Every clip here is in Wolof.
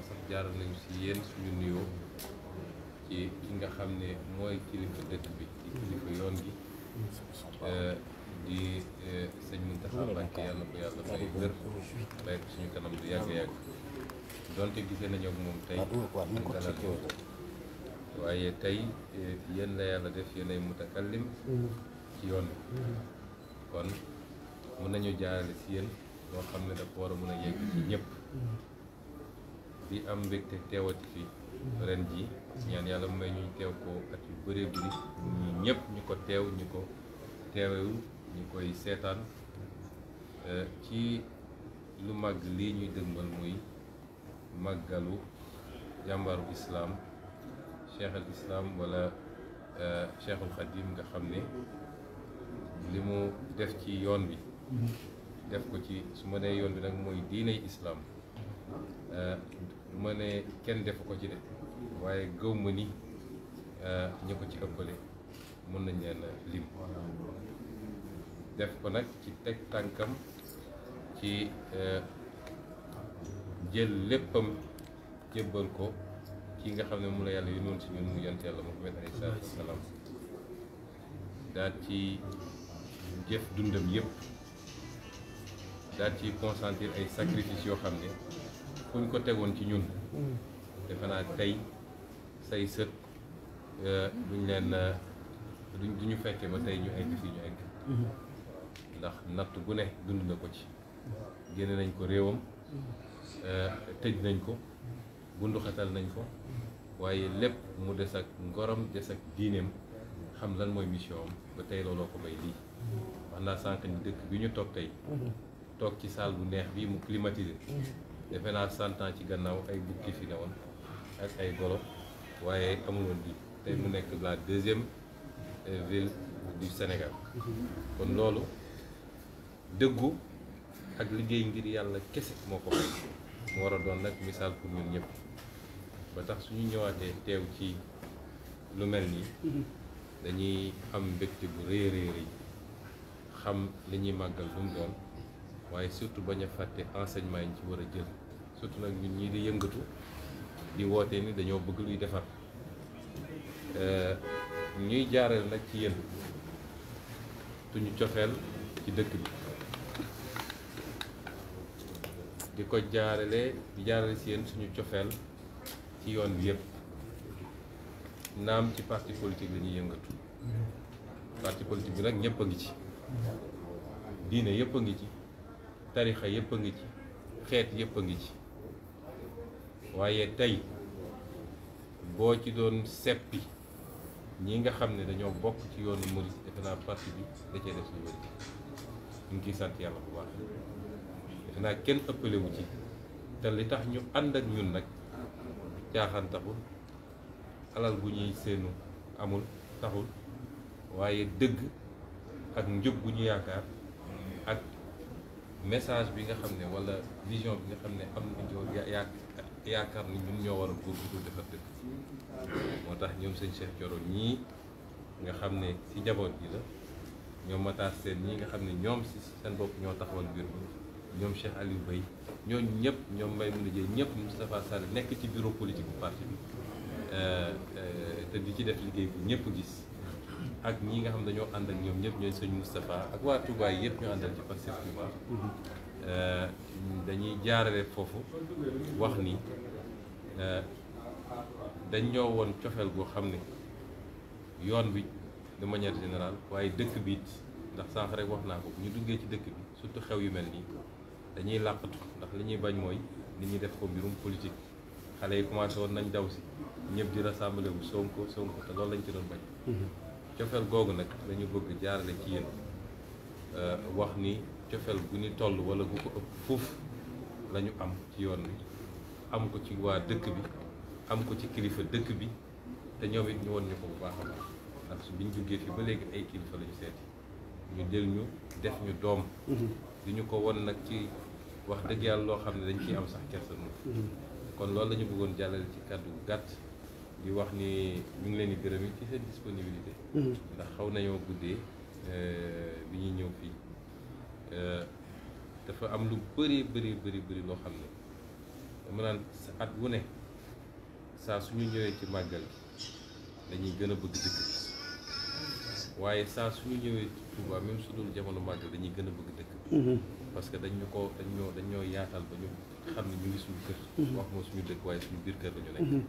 waxtaan sax jaaral si yéen suñu nuyoo ci ki nga xam ne mooy kilifa dëkk bi ci kilifa yoon gi euh, di euh, sëñ Mountakha Mbacké yàlla ko yàlla may wér bay ko suñu kanam di yàgg-yàgg donte gisee nañu moom tey dalal tey euh, yéen la def yéen nañu jaarale si yéen loo xam ne dafa war a mën a yegg ci ñëpp di am mbégte teewati fi ren ji ñaan yàlla may ñuy teew ko at yu bëree bëri ñu ñëpp ñu ko teew ñu ko teewewu ñu koy seetaan euh, ci lu mag lii ñuy dëgmal muy màggalu jàmbaaru islaam cheikhul islaam wala euh, cheikhul xadim nga xam ni li mu def ci yoon bi mhm. def ko ci su ma nee yoon bi nag mooy diiney islaam euh, ma ne kenn defu ko ci de waaye gëw ma ni euh, ñi ko ci ëppale mën nañ leen lim def ko nag ci teg tànkam ci euh, jël léppam jébbal ko ki nga xam ne mu la yàlla yónnoon si ñun mu yonent yàlla Muhammad alayhi salaatu wa salaam daal ci jëf dundam yëpp daal ci consentir ay sacrifice yoo xam ne fuñ ko tegoon ci ñun mm. defe naa tey say sët euh, duñ leen euh, duñ duñu fekke ba tey ñu egg fii ñu egg mm-hmm. ndax natt bu ne dund na ko ci génne nañ ko réewam mm-hmm. euh, tëj nañ ko bunduxatal nañ ko mm-hmm. waaye lépp mu des ak ngorom des ak diineem xam lan mooy mission ba tey looloo ko may lii wax naa sànq dëkk bi ñu toog tey toog ci salle bu neex bi mu climatisé defe naa cent ci gannaaw ay bukki fi ne woon ak ay bolo waaye amul woon bi tey mu nekk la deuxième euh, ville du Sénégal kon loolu dëggu ak liggéey ngir yàlla kese moo ko fay mu war doon nag misaal pour ñun ñëpp ba tax suñu ñëwaatee teew ci lu mel nii dañuy am mbégte bu rëy rëy rëy xam li ñuy màggal lu doon waaye surtout bañ fàtte enseignement yi ci war a jël surtout nag ñi di yëngatu di woote ni dañoo bëgg luy defar eh, ñuy jaareel nag ci yéen suñu cofeel ci dëkk bi di ko jaarale di jaarale ci yéen suñu cofeel ci yoon bi yëpp naam ci parti politique la yëngatu parti politique bi nag ñëpp a ngi ci diine yëpp a ngi ci tarixa yëpp a ngi ci xeet yëpp a ngi ci waaye tey boo ci doon seppi ñi nga xam ne dañoo bokk ci yoonu murit defe naa parti bi da cee def lu bëri ñu ngi sant yàlla bu baax defe naa kenn ëppale ci te li tax ñu ànd ak ñun nag caaxaan taxul alal bu ñuy seenu amul taxul waaye dëgg ak njub bu ñu yaakaar ak message bi nga xam ne walla vision bi nga xam ne am nañu ko yàq. yaakaar ni ñun ñoo war a góorgóorlu defar dëkk moo tax ñoom sëñ Cheikh Thioro ñii nga xam ne si njaboot gi la ñoom Matar seen ñii nga xam ne ñoom si seen bopp ñoo taxoon mbir mi ñoom Cheikh Aliou Bey ñoo ñëpp ñoom may mun a jël ñëpp Moustapha Sall nekk ci bureau politique bu parti bi euh, euh, te di ci def liggéey bu ñëpp gis ak ñi nga xam dañoo ànd ak ñoom ñëpp ñooy sëñ Moustapha ak waa Touba yëpp ñu àndal ci Pastef Touba Euh, dañuy jaarale foofu wax ni euh, dañ ñoo woon cofeel goo xam ne yoon bi de manière générale waaye dëkk bi ndax sànq rek wax naa ko bu ñu duggee ci dëkk bi surtout xew yu mel nii dañuy làqatu ndax li ñuy bañ mooy nit ñi def ko mbirum politique xale yi commencé woon nañ daw si ñëpp di rassemblé bu Sonko Sonko te loolu lañ ci doon bañ mm-hmm. cofeel googu nag dañu bëgg jaarale ci yéen Euh, wax ni cofeel gu ñu toll wala gu ko ëpp foofu lañu am ci yoon bi am ko ci waa dëkk bi am ko ci kilifa dëkk bi te ñoom it ñu woon ñu ko bu baax a baax ndax biñ jógee fi ba léegi ay kilifa la ñu seeti ñu jël ñu def ñu doom mm-hmm. di ñu ko won nag ci wax dëgg yàlla loo xam ne dañ ciy am sax kersa moom mm-hmm. kon loolu lañu bëggoon jàllale ci kàddu gàtt di wax ni ñu ngi leen di gërëm yi ci seen disponibilité mm-hmm. ndax xaw nañoo guddee Euh, bi ñuy ñëw fii euh, dafa am lu bëri bëri bëri bëri loo xam ne dama naan sa at wu ne saa suñu ñëwee ci màggal dañuy gën a bëgg waaye saa suñu ñëwee ci même su jamono màggal dañuy gën a bëgg dëkk bi mm-hmm. parce que dañ ñu ko dañ ñoo dañ ñoo yaatal ba ñu xam ne ñu ngi suñu kër mm-hmm. wax moo suñu dëkk waaye suñu biir kër la ñu mm-hmm.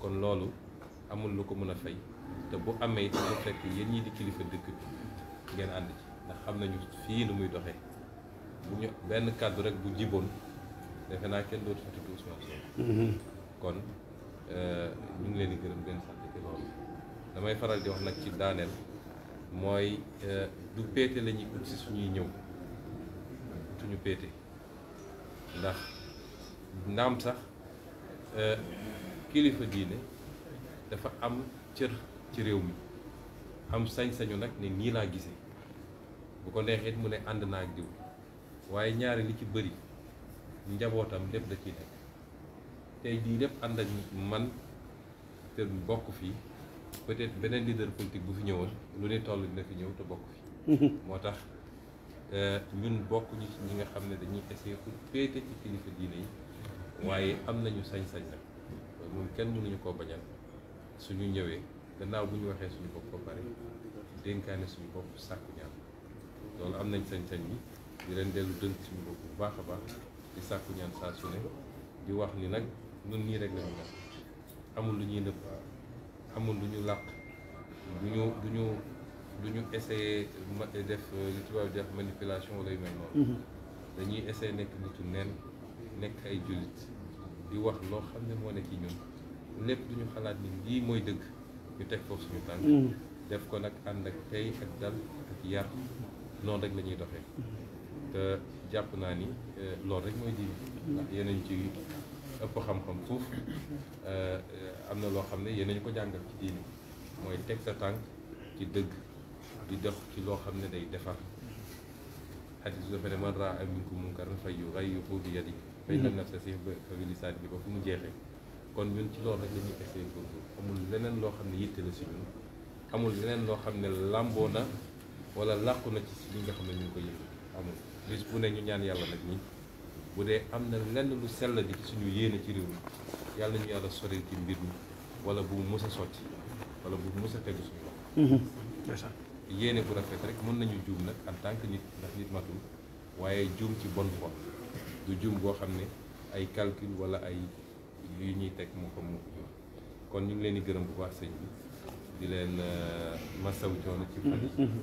kon loolu amul lu ko mën a fay te bu amee dafa fekk yéen ñi di kilifa dëkk bi ngeen ànd ci ndax xam nañu fii nu muy doxe bu ñu benn kàddu rekk bu jiboon defe naa kenn dootu fa tudd Ousmane Sonko mhm. kon euh, ñu ngi leen di gërëm leen sant ci damay faral di wax nag ci daaneel mooy euh, du péete la ñuy si suñuy ñëw suñu péete ndax naam sax euh, kilifa diine dafa am cër ci réew mi am sañ-sañu nag ni nii laa gisee bu ko neexee mu ne ànd naa ak diw waaye ñaari li ci bëri njabootam lépp da ciy nekk tey jii lépp ànd ak man te bokk fii peut-être beneen leader politique bu fi ñëwoon lu ne toll dina fi ñëw te bokk fi moo tax euh, ñun bokk ñu ci ñi nga xam ne dañuy essayer pour féete ci kilifa diine yi waaye am nañu sañ-sañ nag moom kenn mënuñu koo bañal suñu ñëwee gannaaw bu ñu waxee suñu bopp ba pare dénkaane suñu bopp sàkku loolu am nañ sañ-sañ bi di leen dellu dënk suñu bopp bu baax a baax di sàkku ñaan saa su ne di wax ni nag ñun nii rek amul lu ñuy nëbb amul lu ñu làq du ñu ñu du ñu essayer def li tubaab di manipulation wala yu mel noonu mhm. dañuy essayer nekk nitu neen nekk ay jullit di wax loo xam ne moo nekk ci ñun lépp duñu xalaat ni lii mooy dëgg ñu teg foofu suñu tànk mm. def ko nag ànd ak tey ak dal ak yar noonu rek la doxee mm. te jàpp naa ni euh, loolu rek mooy diine mm. ndax yeneen ci ëpp xam-xam fuuf euh, am na loo xam ne yeneen ñu ko jàngal ci diine mooy teg sa tànk ci dëgg di dox ci loo xam ne day defar xadis bi dafa ne man raa minkum munkaran falyughayyirhu bi yadihi fa in lam yastati' fa bi lisaanihi fu mu jeexee kon ñun ci loolu rek la ñuy essayé góorgóorlu amul leneen loo xam ne yitte la si ñun amul leneen loo xam ne làmboo na wala làqu na ci li nga xam ne ñu ngi ko yëngu amul bis bu ne ñu ñaan yàlla nag ñi bu dee am na lenn lu sell di ci suñu yéene ci réew mi yàlla ñu yàlla soril ci mbir mi wala bu mu mës sotti wala bu mu mës a tegu suñu loxo mhm. yéene bu rafet rek mën nañu juum nag en tant que nit ndax nit matul waaye juum ci bonne foi du juum boo xam ne ay calcul wala ay yu ñuy teg mu ko mu ko jur kon ñu ngi leen di gërëm bu baax sëñ bi di leen euh, masawu coono ci fan yi mm-hmm.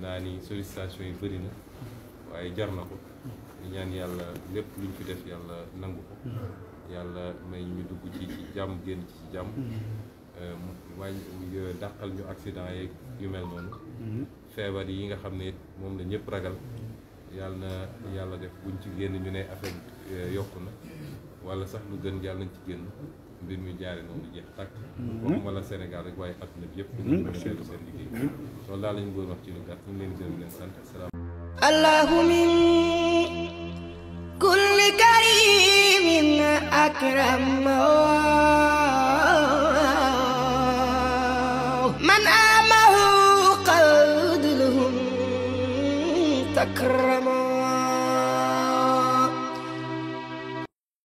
naa ni sollicitation yi bëri na waaye jar na ko ñu ñaan yàlla lépp luñ fi def yàlla nangu ko mm-hmm. yàlla may ñu dugg ci ci jàmm génn ci ci mm-hmm. euh, euh, ñu accident yeeg yu mel noonu feebar yi nga xam ne moom la ñëpp ragal yàlla na yàlla def ci génn ñu ne affaire yokk na wala sax lu gën yàlla nañ ci génn mbir mi jaare noonu jeex tàkk mm-hmm. waxuma la Sénégal rek waaye adduna bi yëpp mm-hmm. ñu mën a dellu seen liggéey loolu daal lañu bëggoon ci lu gàtt ñu ngi leen gërëm leen sant allahu min kulli karimin akram